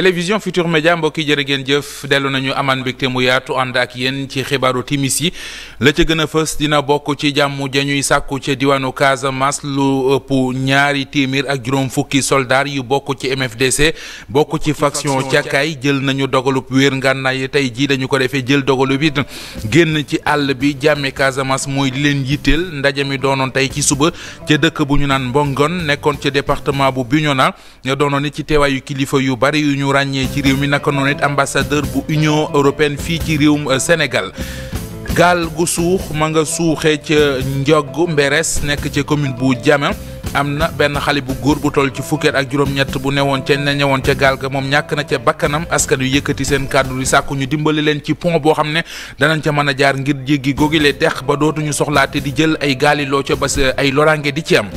télévision Futur Média mbokki jërë ngeen jëf dellu nañu amaan mbégte mu yaatu ànd ak ci xibaaru timis yi la ca gën a fës dina bokk ci jàmm ñuy sàkku ca diwaanu Casamance lu ëpp ñaari téeméer ak juróom fukki soldaar yu bokk ci MFDC bokk ci faction càkkaay jël nañu dogalub wéer ngànnaay tey jii dañu ko defee jël dogalub it génn ci àll bi jàmme Casamance mooy leen yitteel ndaje mi doonoon tey ci suba ca dëkk bu ñu naan Mbongon nekkoon ca département ràññee ci réew mi naka noonu it ambassadeur bu Union européenne fii ci réewum euh, Sénégal gaal gu suux ma nga suuxee ca Ndiog Mberes nekk ca commune bu jama am na benn xale bu góor bu toll ci fukkeet ak juróom-ñett bu newoon ca ne ñëwoon ca gaal ga moom ñàkk na ca bakkanam askan yu yëkkati seen kàddu di sàkku ñu dimbali leen ci pont boo xam ne danañ ca mën a jaar ngir jéggi googile dex ba dootuñu soxlaate di jël ay gaali loo ca ba ay loraange di ci am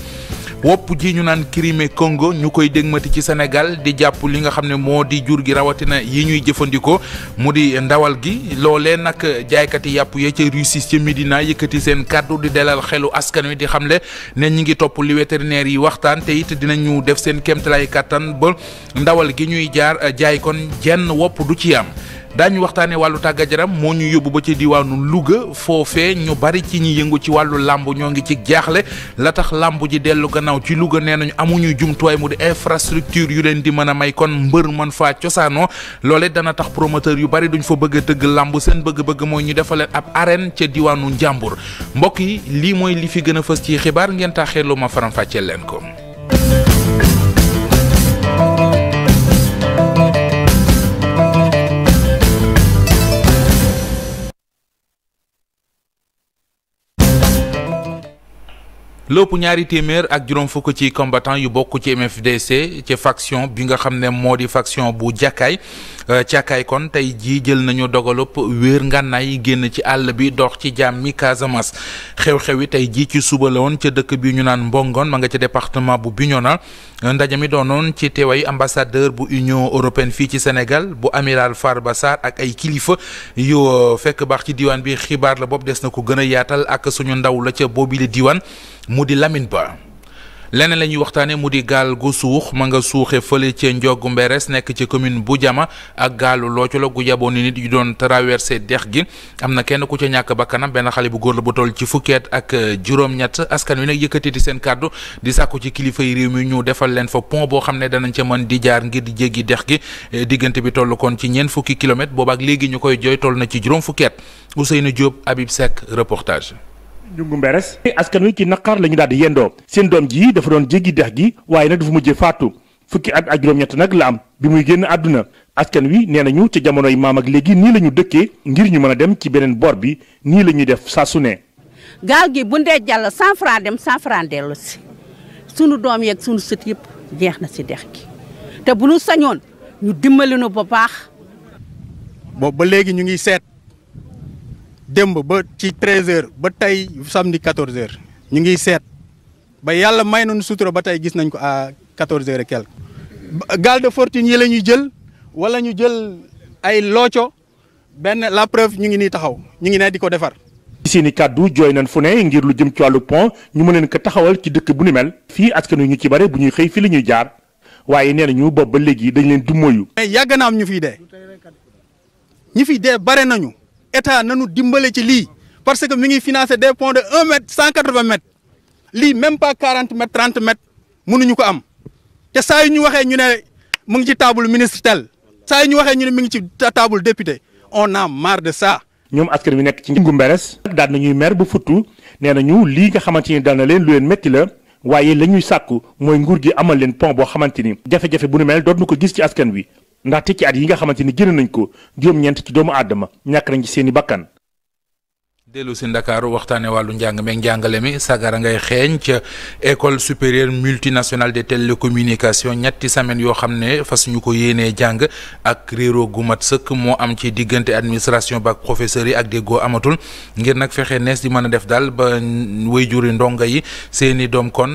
wopp ji ñu naan Crimée Congo ñu koy dégmati ci senegal di jàpp li nga xam ne moo di jur gi rawatina yi ñuy jëfandikoo mu di ndawal gi loolee nag jaaykati yàpp ya ca Russie ca Médina yëkkati seen kàddu di delal xelu askan wi di xamle ne ñu ngi topp li vétérinaire yi waxtaan te it dinañu def seen kéemtalaay kàttan ba ndawal gi ñuy jaar jaay kon jenn wopp du ci am daañu waxtaanee wàllu tàggat jaram moo ñu yóbbu ba ci diwaanu Louga foofee ñu bari ci ñi yëngu ci wàllu làmb ñoo ngi ci jaaxle la tax làmb ji dellu gannaaw ci Louga nee nañu amuñu jumtuwaay mu di infrastructure yu leen di mën a may kon mbër mën faa cosaanoo loole dana tax promoteur yu bari duñ fa bëgg a tëgg làmb seen bëgg-bëgg mooy ñu defaleen ab arène ca diwaanu Njàmbur mbokk yi lii mooy li fi gën a fës ci xibaar ngeen taaxee lu ma faram leen ko lépp ñaari témèr ak juroom fukk ci combattant yu bokku ci MFDC ci faction bi nga xam de di faction bu Euh, càkkaay kon tey jii jël nañu dogalub wéer ngànnaay génn ci àll bi dox ci jàmmi Casamance xew-xew yi tey jii ci suba la woon ca dëkk bi ñu naan mbongoon ma nga ca département bu Bignona euh, ndaje mi doonoon ci teewaay ambassadeur bu Union européenne fii ci Sénégal bu amiral Farba Sarr ak ay kilifa yu euh, fekk baax ci diwaan bi xibaar la bopp des na ko gën a yaatal ak suñu ndaw la ca boobile diwaan mu di Lamine Ba. leneen la ñuy waxtaane mu di gaal gu suux ma nga suuxe fële ca Ndiogu Mberes nekk ci commune bu Jama ak gaalu loocolo gu yaboon ni nit yu doon traversé dex gi am na kenn ku ca ñàkk bakkanam benn xale bu góor la bu toll ci fukkeet ak euh, juróom-ñett askan wi nag yëkkatiti seen kàddu di sàkku ci kilifa yi réew mi ñu defal leen fa pont boo xam ne danañ ca mën di jaar ngir di jéggi dex gi euh, diggante bi toll kon ci ñeent fukki kilomètres ak léegi ñu koy jooy na ci juróom fukkeet Ousseynou Diop Habib Seck reportage ngum beres. askan wi ki nakar lañu daal di yendo seen doom ji dafa doon jéggi dex gi waaye nag dafa mujjé faatu fukki at ak juróom-ñett nag la am bi muy génn àdduna askan wi nee nañu ca yi maam ak léegi nii la ñu dëkkee ngir ñu mën a dem ci beneen bor bi nii la ñuy def saa su ne. gaal gi bu ndee jàll 100 francs dem 100 francs dellu si sunu doom yeeg sunu sët yëpp jeex na si dex gi te bu nu sañoon ñu dimbali nu ba baax. boobu ba léegi ñu ngi seet. démb ba ci treize heures ba tey samedi quatorze heures ñu ngi seet ba yàlla may nañu sutura ba tey gis nañ ko à quatorze heures et quelque gaal de fortune yi la ñuy jël wala ñu jël ay looco benn la preuve ñu ngi nii taxaw ñu ngi ne di ko defar. ci kàddu jooy nañ fu ne ngir lu jëm ci wàllu pont ñu mën leen ko taxawal ci dëkk bu ni mel. fii askan wi ñu ci bare bu ñuy xëy fi la ñuy jaar waaye nee nañu boobu ba léegi dañ leen du moyu yàgg na am ñu fiy dee ñu fiy dee bare nañu. état nanu dimbale ci lii parce que mi ngi financé des ponts de un mètre cent quatre-vingts lii même pas quarante mètres trente mètres ñu ko am te saa yu ñu waxee ñu ne mu ngi ci table ministre tel saa yu ñu waxee ñu ne mi ngi ci table député on am marre de ça. ñoom askan wi nekk ci Ngingu Mberes daan nañuy mer bu futtu nee ñu lii nga xamante ni daan na leen lu leen métti la waaye la ñuy sàkku mooy nguur gi amal leen pont boo xamante ni jafe-jafe bu nu mel doot nu ko gis ci askan wi. ndaxte ci at yi nga xamante ni génn nañ ko juróom-ñeent ci doomu aadama ñàkk nañ ci seen i bakkan dellu si Ndakaaru waxtane walu njàng me mi sagara ngay école supérieure multinationale de télécommunications ñetti semaine Yo xamné fas ñu ko ak gu sëkk mo am ci digënté administration bac Professori yi ak déggoo amatul ngir nak fexé nees di mëna def dal ba wayjuri ndonga yi seeni dom kon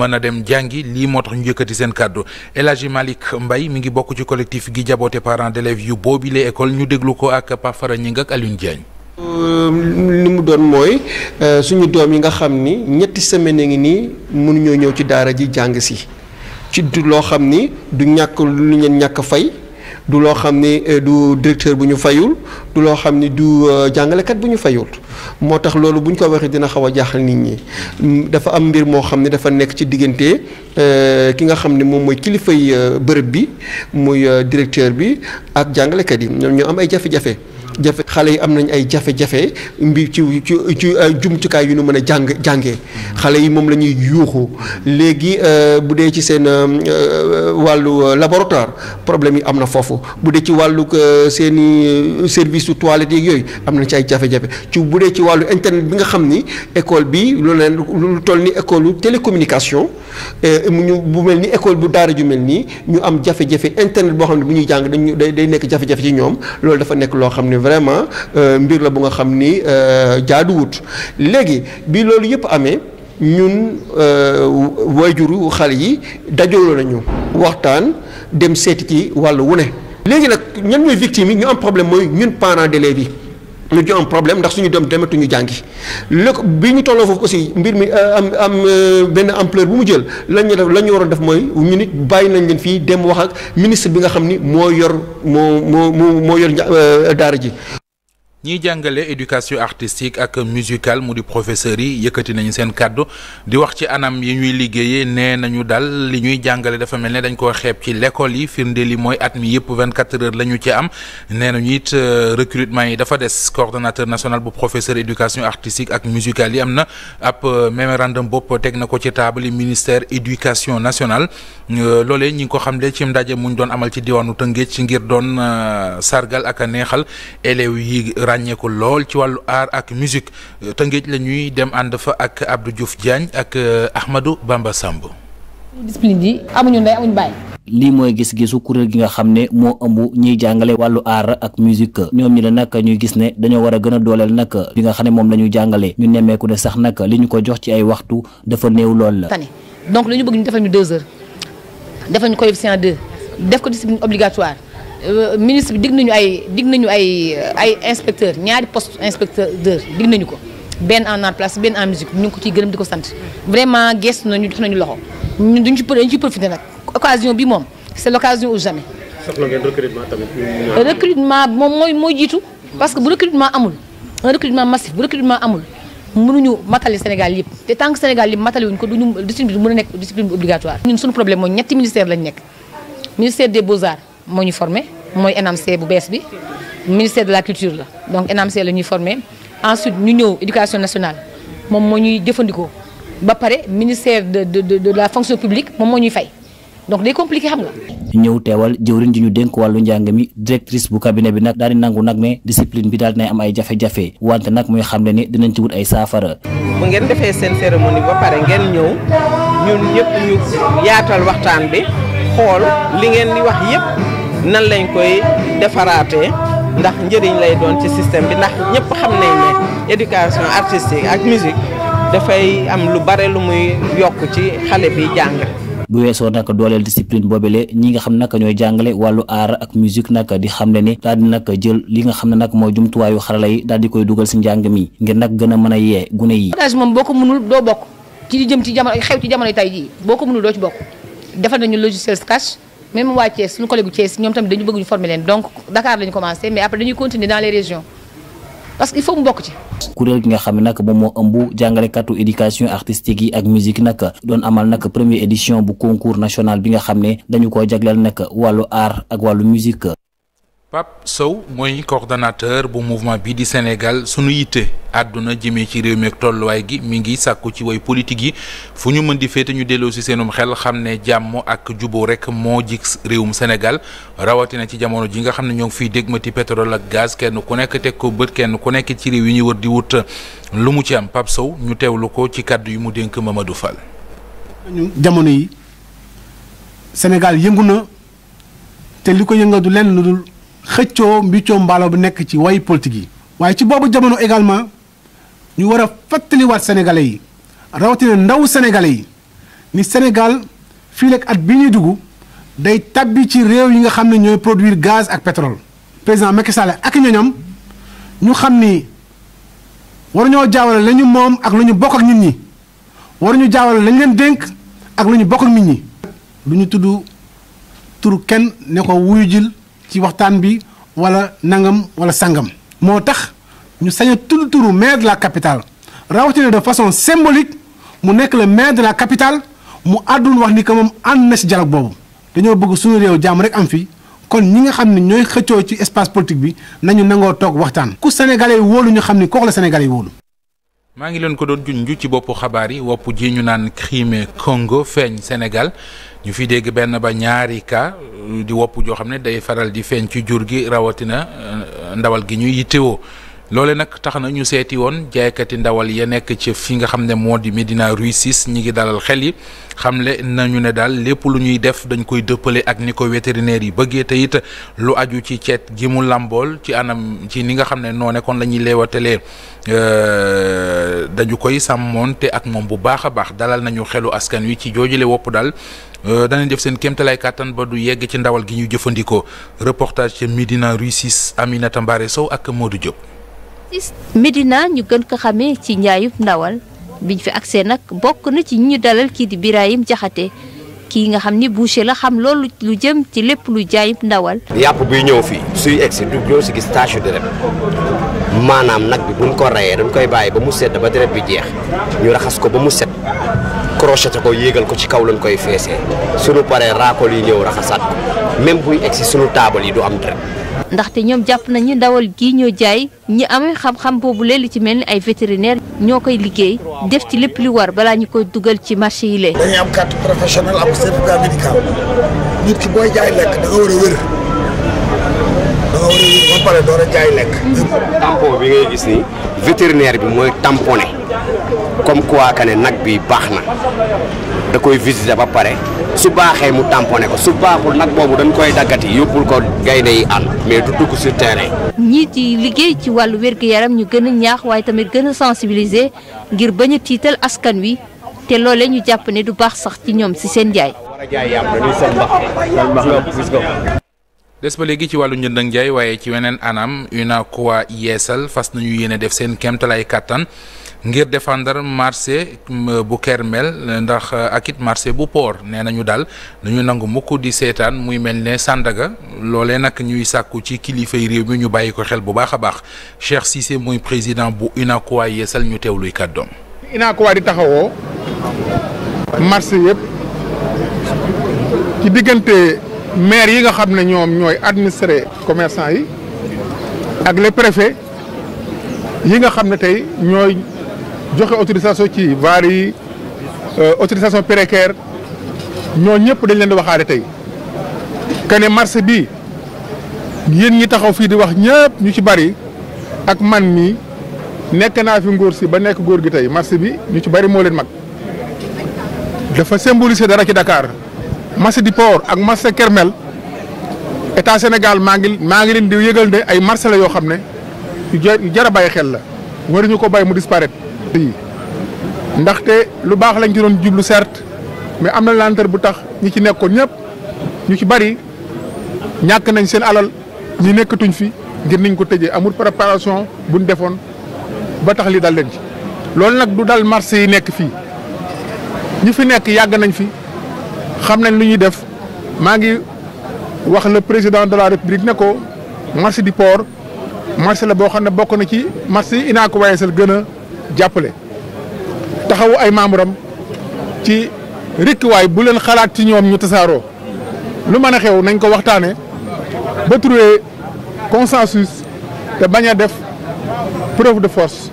mëna dem jangi li motax ñu yëkëti sen cadeau malik mi ngi bokku ci collectif gi jaboté parents d'élèves yu bobilé école ñu déglu ko ak Pafara Ñing ak Ehm, li mu doon mooy eh, suñu doom yi nga xam ni ñetti semaine ngi nii mënuñoo ñëw ci daara ji jàng si ci du loo xam ni du ñàkk lu leen ñàkk fay du loo xam ni eh, du directeur bu ñu fayul du loo xam ni du eh, jàngalekat bu ñu fayul moo tax loolu bu ñu ko waxee dina xaw a jaaxal nit ñi mm, dafa am mbir moo xam ni dafa nekk ci diggante ki nga xam ni moom mooy kilifay bërëb bi mooy directeur bi ak jàngalekat yi ñoom ñoo am ay jafe-jafe. jafe xale yi am nañ ay jafe-jafe mbi ci ci ci jumtukaay yu nu mën a jàng jàngee xale yi moom la ñuy yuuxu léegi euh, bu dee ci seen euh, wàllu laboratoire problème yi am na foofu bu dee ci wàllu euh, seen i service su toilette yeeg yooyu am nañ ci ay jafe-jafe ci bu dee ci wàllu internet bi nga xam ni école bi lu leen lu toll ni école télécommunication e mu ñu bu mel ni école bu daara ju mel nii ñu am jafe-jafe internet boo xam ne bu ñuy jàng dañu day day nekk jafe-jafe ci ñoom loolu dafa nekk loo xam ne vraiment euh, mbir la bu nga xam ni euh, jaaduwut léegi bi loolu yëpp amee ñun waajuru xale yi dajaloo nañu waxtaan dem seeti ci wàllu wu ne léegi nag ñun ñooy victime yi ñu am problème mooy ñun parent d'élèves yi ñu ci am problème ndax suñu doom dematuñu jàngi léegi bi ñu tolloo foofu aussi mbir mi euh, am am euh, benn ampleur bu mu jël lañ ñu def la ñu waroon def mooy ñu nit bàyyi nañ leen fii dem wax ak ministre bi nga xam ni moo yor moo moo moo yor euh, daara ji. ñiy jàngale éducation artistique ak musicale mu di professeurs yi yëkkati nañu seen kàddu di wax ci anam yi ñuy liggéeyee nee nañu dal li ñuy jàngale dafa mel ne dañ koo xeeb ci l'école yi firnde li mooy at mi yëpp 24 heures la ñu ci am nee nañu it euh, recrutement yi dafa des coordonnateur national bu professeur éducation artistique ak musicale yi am na ab euh, mémorandum bopp teg na ko ci table ministère éducation national euh, loole ñi ngi ko xamle ci ndaje mu doon amal ci diwaanu Tëngéej ci ngir doon sargal ak a ràññeeku lool ci wàllu aar ak musique tëngéej la ñuy dem ànd fa ak Abdou Diouf Diagne ak euh, Ahmadou Bamba Samb. discipline yi amuñu ndey amuñu lii mooy gis-gisu kuréel gi nga xam ne moo ëmb ñiy jàngale wàllu aar ak musique ñoom ñi la nag ñuy gis ne dañoo war a gën a dooleel nag bi nga xam ne moom la ñu jàngale ñu nemmeeku ne sax nag li ñu ko jox ci ay waxtu dafa néew lool la. donc li bëgg ñu defal ñu deux def ko discipline obligatoire. Euh, ministre bi dig nañu ay dig ay euh, ay inspecteur ñaari poste inspecteur en art place ben en musique ñu ko ci gërëm diko vraiment guest. nañu Nous nañu loxo duñ ci occasion bi c'est l'occasion ou jamais. soxla recrutement tamit. recrutement parce que recrutement amul un recrutement massif recrutement amul mënuñu matali Sénégal yépp té tank Sénégal matali wuñ ko duñu discipline discipline obligatoire. problème ministère lañ ministère des beaux arts moñu former mooy NMC bu bees bi ministère de la culture la donc NMC la ñuy en ensuite ñu ñëw éducation nationale moom moo ñuy jëfandikoo ba pare ministère de de la fonction publique moom moo ñuy fay donc day compliqué xam nga. ñëw teewal jëwriñ ji ñu dénk wàllu njàng mi directrice bu cabinet bi nag daal di nangu nag ne discipline bi daal dinay am ay jafe-jafe wante nag muy xam ne ni dinañ ci wut ay saafara. bu ngeen defee seen cérémonie ba pare ngeen ñëw ñun ñëpp ñu waxtaan bi xool nan lañ koy defaraatee ndax njëriñ lay doon ci système bi ndax ñëpp xam nañ ne éducation artistique ak musique dafay am lu bare lu muy yokk ci xale bi jàng. bu weesoo nag dooleel discipline boobele ñi nga xam nag ñooy jàngale wàllu aar ak musique nag di xam ne ni daal di nag jël li nga xam ne nag mooy jumtuwaayu xarala yi daal di koy dugal si njàng mi ngir nag gën a mën a yee gune yi. codage moom boo ko mënul doo bokk ci di jëm ci jamono xe ci jamono tay jii boo ko mënul même waa Thiès suñu collègue bu Thiès ñoom tamit dañu bëgg ñu former donc Dakar lañu commencé mais après dañuy continuer dans les régions parce qu'il faut mu bokk ci. kuréel gi nga xamné nak nag mo ëmbu ëmb jàngalekatu éducation artistique yi ak musique nak doon amal nak première édition bu concours national bi nga xamné dañu ko jagleel nak walu art ak walu musique. Pape Sow mooy coordonnateur bu mouvement bi di Sénégal sunu yitte àdduna jëmee ci réew mi ak tolluwaay gi mi ngi sàkku ci way politique yi fu ñu mën di féete ñu delloo si seenum xel xam ne jàmm ak juboo rek moo jig réewum Sénégal rawatina ci jamono ji nga xam ne ñoo ngi fiy dégmati pétrole ak gaz kenn ku nekk teg ko bët kenn ku nekk ci réew yi ñu wër di wut lu mu ci am Pape Sow ñu teewlu ko ci kàddu yi mu dénk Mamadou Fall. ñu jamono yi Sénégal yëngu na te xëccoo mbiccoo mbaalo bu nekk ci way politique yi waaye ci boobu jamono également ñu war a fàttaliwaat sénégalais yi rawatina ndaw sénégalais yi ni sénégal fii lek at bi ñuy day tabbi ci réew yi nga xam ne produire gaz ak pétrole président Macky Sall ak ñoñam ñu xam ni war ñoo jaawale lañu moom ak lu ñu bokk ak nit ñi war ñu jaawale lañ leen dénk ak bokk ak nit ñi lu ñu turu kenn ne ko wuyu jil ci waxtaan bi wala nangam wala sangam. moo tax ñu sañ a tudd turu maire la capital rawatina de façon symbolique mu nekk le maire de la capitale mu àddun wax ni que moom ànd na si dialogue boobu dañoo bëgg suñu réew jàmm rek am fi. kon ñi nga xam ne ñooy xëccoo ci espace politique bi nañu nangoo toog waxtaan ku sénégalais yi wóolu ñu xam ni kook la sénégalais yi wóolu maa ngi leen ko doon junj ci boppu xabaar yi woppu ji ñu naan Crimée kongo feeñ senegal ñu fi dégg benn ba ñaari cas di wopp joo xam ne day faral di feeñ ci jur gi rawatina euh, ndawal gi ñuy yittewoo. loole nag tax na ñu seeti woon jaaykati ndawal ya nekk ci fi nga xam ne moo di Médina Rue 6 ñi ngi dalal xel yi xamle nañu ne daal lépp lu ñuy def dañ koy dëppale ak ni ko vétérinaire yi bëggee te it lu aju ci ceet gi mu làmbool ci anam ci ni nga xam ne noo nekkoon la ñuy leewatalee euh, dañu koy sàmmoonte ak moom bu baax a baax dalal nañu xelu askan wi ci joojule wopp daal euh, danañ def seen kéemtalaay kàttan ba du yegg ci ndawal gi ñu jëfandikoo reportage ci Médina Rue 6 Aminata Mbare Sow ak Modou Diop. Médina ñu gën ko xamee ci njaayub ndawal ñu fi agsee nag bokk na ci ñu dalal kii di Birahim Jaxate kii nga xam ni boucher la xam loolu lu jëm ci lépp lu jaayub ndawal. yàpp buy ñëw fii suy egg si du ñëw si gis tache de maanaam nag bi buñ ko rayee dañ koy bàyyi ba mu sedd ba deret bi jeex ñu raxas ko ba mu set crocheté ko yéegal ko ci kaw lañ koy feesee suñu paree raakol yi ñëw raxasaat ko même buy egg si suñu taabal yi du am deret. ndaxte ñoom jàpp nañ ñi ndawal gii ñoo jaay ñi amee xam-xam boobu léegi ci mel ni ay vétérinaire ñoo koy liggéey def ci lépp li war balaa ñu koy dugal ci marché yi leen. dañuy am carte professionnelle am certificat médical nit ki booy jaay lekk da nga war a wér da ba pare door a jaay lekk. tampon bi ngay gis nii vétérinaire bi mooy tamponné comme quoi ne nag bi baax na da koy visiter ba pare. su baaxee mu tamponné ko su baaxul nag boobu dañ koy daggati yóbbul ko gaynde yi ànd mais du dugg sur terrain. ñii ci liggéey ci wàllu wér yaram ñu gën a ñaax waaye tamit gën a sensibiliser ngir ba a tiital askan wi te loolee ñu jàpp ne du baax sax ci ñoom si seen jaay. des ba léegi ci wàllu njënd ak njaay waaye ci weneen anam UNACOIS Yeesal fas nañu yéene def seen kéemtalaay kàttan ngir défendre marché mm, bu Kermel ndax euh, akit marché bu port nenañu nous nangu beaucoup di sétane muy Sandaga lolé nak ñuy nous ci réew mi ñu xel bu baax Cissé président bu yessel ñu di taxawoo marché yépp ci digënté maire yi nga administré commerçant yi ak les préfets yi nga xamné tay ñoy joxe autorisation ci vari, yi euh, autorisation précaire ñoo ñëpp dañ leen di waxaale tey que marché bi yeen ñi taxaw fi di wax ñëpp ñu ci bari ak man mi nek naa fi ngor si ba nek gor gi tay marché bi ñu ci bari mo leen mag dafa symboliser dara ci Dakar marché du port ak marché Kermel état Sénégal maa ngi ngi leen di yëgal de ay marché la yo xam ne yu jara baye xel la waruñu ko baye mu disparaître yi ndaxte lu baax lañ ci doon jublu certes mais am na lenteur bu tax ñi ci nekkoon ñëpp ñu ci bari ñàkk nañ seen alal ñi nekkatuñ fi ngir niñ ko tëjee amul préparation buñ defoon ba tax li dal leen ci. loolu nag du dal marché yi nekk fii ñu fi nekk yàgg nañ fi xam nañ lu ñuy def maa ngi wax le président de la république ne ko marché du port marché la boo xam ne bokk na ci marché yi inaa ko waaye sal gën jàppale taxawu ay membre ci rek way bu len xalat ci ñoom ñu tasaaroo lu mën xew nañ ko waxtané ba trouver consensus te baña def preuve de force.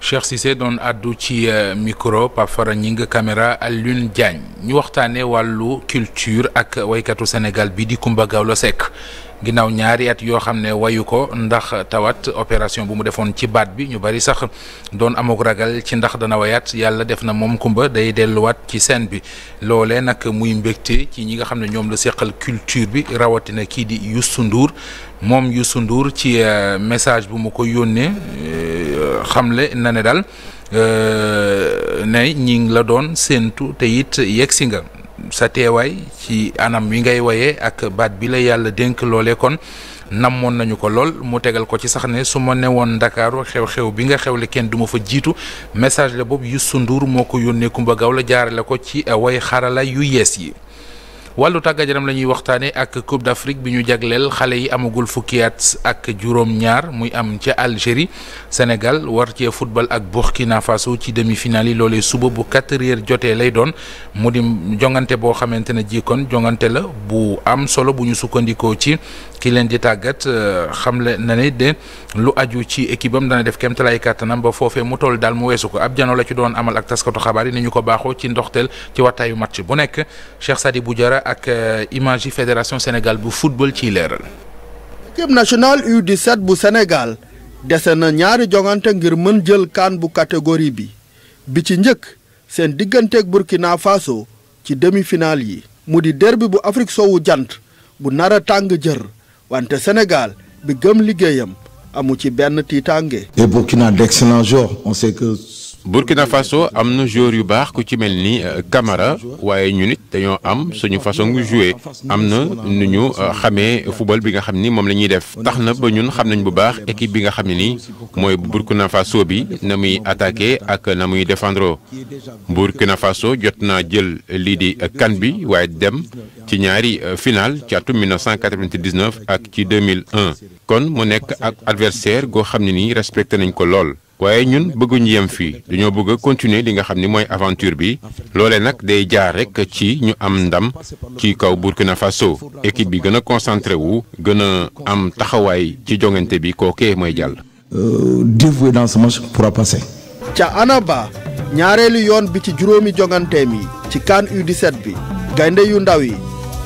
Cheikh Cissé doon addu ci euh, micro Pape Fara Gningue caméra lune Diagne ñu waxtaanee walu culture ak waykatu Sénégal bi di Kumba Gawlo sek ginnaaw ñaari at yoo xam ne wayu ko ndax tawat opération bu mu defoon ci baat bi ñu bari sax doon amuk ragal ci ndax dana wayaat yàlla def na moom kumba day delluwaat ci seen bi loolee nag muy mbégte ci ñi nga xam ne ñoom la seqal culture bi rawatina kii di Youssou Ndour moom Youssou Ndour ci euh, message bu mu ko yónnee euh, xamle na ne daal euh, ne ñi ngi la doon séentu te it si nga. sa teewaay ci anam wi ngay woyee ak baat bi la yàlla dénk loole kon namoon nañu ko lool mu tegal ko ci sax ne su ma newoon ndakaaru xew-xew bi nga xewle kenn du ma fa jiitu message la boobu yu sundur moo ko yónnee Kumba Gawlo jaarale ko ci way xarala yu yees yi wàllu tàggat yaram la ñuy waxtaanee ak Coupe d'Afrique bi ñu jagleel xale yi amagul fukkiyaat ak juróom-ñaar muy am ca Algérie Sénégal war cee football ak Burkina Faso ci demi-finale yi loolee suba bu quatre jotee lay doon mu di jongante boo xamante ne ji kon jongante la bu am solo bu ñu sukkandikoo ci ki leen di tàggat euh, xamle na ne de lu aju ci équipe am dana def kéem talaay kàttanam ba foofee mu toll daal mu weesu ko ab jano la ci doon amal ak taskatu xabaar yi ni ñu ko baaxoo ci ndoxteel ci wattaayu match bu nekk Cheikh Sadibou Diarra ak euh, image yi fédération Sénégal bu football ci leeral. équipe nationale U17 bu Sénégal dese na ñaari jongante ngir mën jël kaan bu catégorie bi bi ci njëkk seen digganteeg Burkina Faso ci demi-finale yi. mu di derbi bu Afrique soowu jant bu nar a tàng jër wante Sénégal bi gëm liggéeyam amu ci benn tiitaange. et Burkina d'excellents joueurs Burkina Faso am na joueur yu baax ku ci mel ni euh, Camara waaye ñun it dañoo am suñu façon gu jouer am na nu ñu euh, xamee football bi nga xam ni moom la ñuy def tax na ba ñun xam nañ bu baax équipe bi nga xam ne nii mooy Burkina Faso bi na muy attaquer ak na muy défendre Burkina Faso jot naa jël lii di euh, kan bi waaye dem ci ñaari final ci atum 1999 ak ci 2001 kon mu nekk ak adversaire goo xam ne nii respecté nañ ko lool. waaye ñun bëgguñ yem fii dañoo bëgg a continuer li nga xam ni mooy aventure bi loole nag day jaar rek ci ñu am ndam ci kaw Burkina Faso équipe bi gën a concentré wu gën a am taxawaay ci jongante bi kookee mooy jàll. Euh, dévoué dans ce match pourra passer. ca Anaba ñaareelu yoon bi ci juróomi jonganteem yi ci U17 bi gaynde yu ndaw yi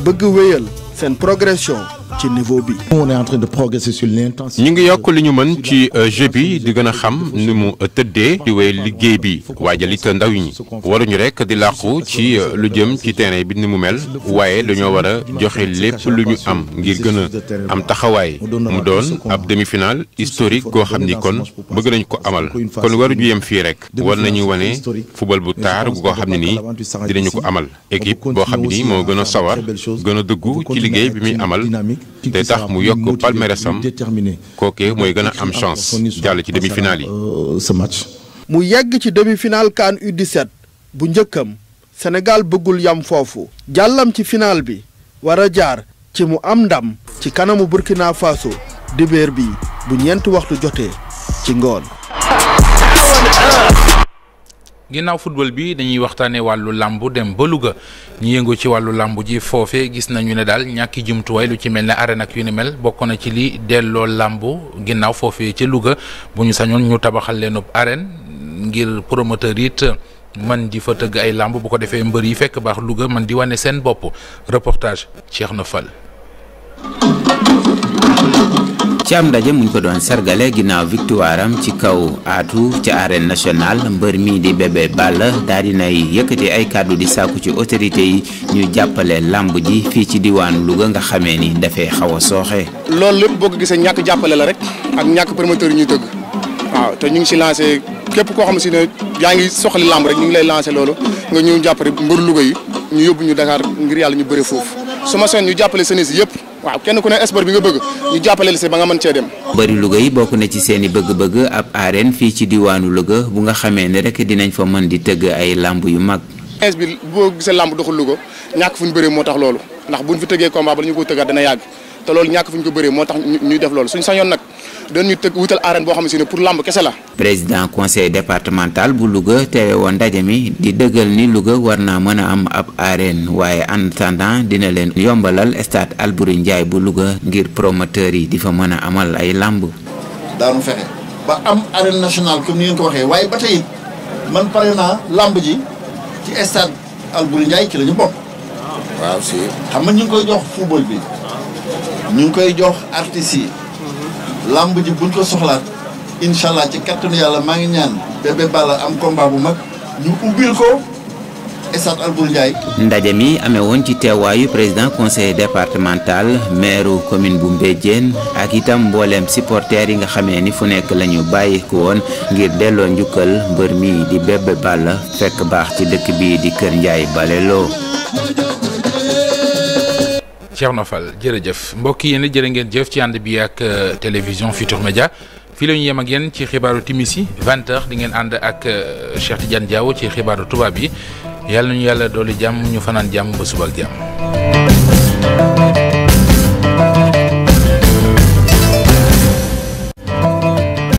bëgg wéyal seen progression. ci niveau bi. en train de progresser sur l'intensité. ñu ngi yokk li ñu mën ci euh, jeu bi di gën a xam ni mu tëddee di wéy liggéey bi waajal it ndaw ñi waruñu rek di làqu ci euh, lu jëm ci terrain bi ni mu mel waaye dañoo war a joxe lépp lu ñu am ngir gën a am taxawaay mu doon ab demi-finale historique goo xam ni kon bëgg nañ ko amal kon waruñu yem fii rek war nañu wane football bu taar goo xam ne nii dinañu ko amal équipe boo xam ne nii moo gën a sawar gën a dëggu ci liggéey bi muy amal. te tax mu yokk palmarèsam kookee euh, mooy gën a am chance jàll ci demi-finale yi. Euh, mu yegg ci demi-finale CAN U17 bu njëkkam senegal bëggul yam foofu jàllam ci finale bi war a jaar ci mu am ndam ci kanamu Burkina Faso dibéer bi bu ñeenti waxtu jotee ci ngoon. ginnaaw football bi dañuy waxtaanee wàllu làmb dem ba luga ñu yëngu ci wàllu làmb ji foofe gis nañu ne daal ñàkki jumtuwaay lu ci mel ne arène ak yu ni mel bokk na ci li delloo làmb ginnaaw foofe ci Louga bu ñu sañoon ñu tabaxal leenub arène ngir promoteur it man di fa tëgg ay làmb bu ko defee mbër yi fekk baax Louga man di wane seen bopp reportage Cheikh na Fall ci ndaje ndaje ñu ko doon sargale ginnaaw victoire am ci kaw aatu ci arène national mbër mii di Bébé Balla daal di nay yëkkati ay kàddu di sàkku ci autorité yi ñu jàppale làmb ji fii ci diwaanu Louga nga xamee ni dafay xaw a sooxe. loolu lépp boo ko gisee ñàkk jàppale la rek ak ñàkk yi ñu tëgg waaw te ñu ngi si lancé képp koo xam si ne yaa ngi soxla làmb rek ñu ngi lay lancé loolu nga ñu jàppale mbër Louga yi ñu yóbbu ñu Dakar ngir yàlla ñu bëre foofu su ma seen ñu jàppale senes yëpp. waaw kenn ku ne espoir bi nga bëgg ñu jàppale la si ba nga mën cee dem. bari Louga yi bokk na ci seen bëgg-bëgg ab arène fii ci diwaanu Louga bu nga xamee ne rek dinañ fa mën di tëgg ay làmb yu mag. ins bi boo gisee làmb doxul Louga ñàkk fu ñu bëree moo tax loolu ndax buñ fi tëggee combat ba la ñu ko tëggaat dana yàgg te loolu ñàkk fu ñu ko bëree moo tax ñu def loolu suñ sañoon nag dañu tëgg wutal arène boo xam si ne pour lamb kese la. président conseil départemental bu luga teewe woon ndaje mi di dëggal ni Louga war naa mën a am ab arène waaye en dina leen yombalal stade Albouri bu Louga ngir promoteur yi di fa mën a amal ay làmb daanu fexe ba am arène nationale comme ni ngeen ko waxee waaye ba tey man pare naa lamb ji ci stade Albouri ci la ñu waaw si xam nga ñu ngi koy jox football bi. ñu ngi koy jox artistes làmb ji buñ ko soxlaat incha allah ci kattanu yàlla maa ngi ñaan Bébé Balla am combat bu mag ñu ubbil ko Esat Albouri Ndiaye. ndaje mi amee woon ci teewaayu président conseil départemental maire commune bu Mbéjéen ak itam mbooleem supporters yi nga xamee ni fu nekk lañu ñu bàyyi ko woon ngir delloo njukkal mbër mi di Bébé Balla fekk baax ci dëkk bi di Kër bale loo Thierno Fall jërëjëf mbokk yéen a jërë ngeen jëf ci ànd bi ak euh, télévision Futur Média fii la ñu yem ak ci xibaaru timis yi vingt ngeen ànd ak euh, Cheikh Tidiane Diaw ci xibaaru tubaab yi yàlla nañu yàlla dooli jàmm ñu fanaan jàmm ba subal ak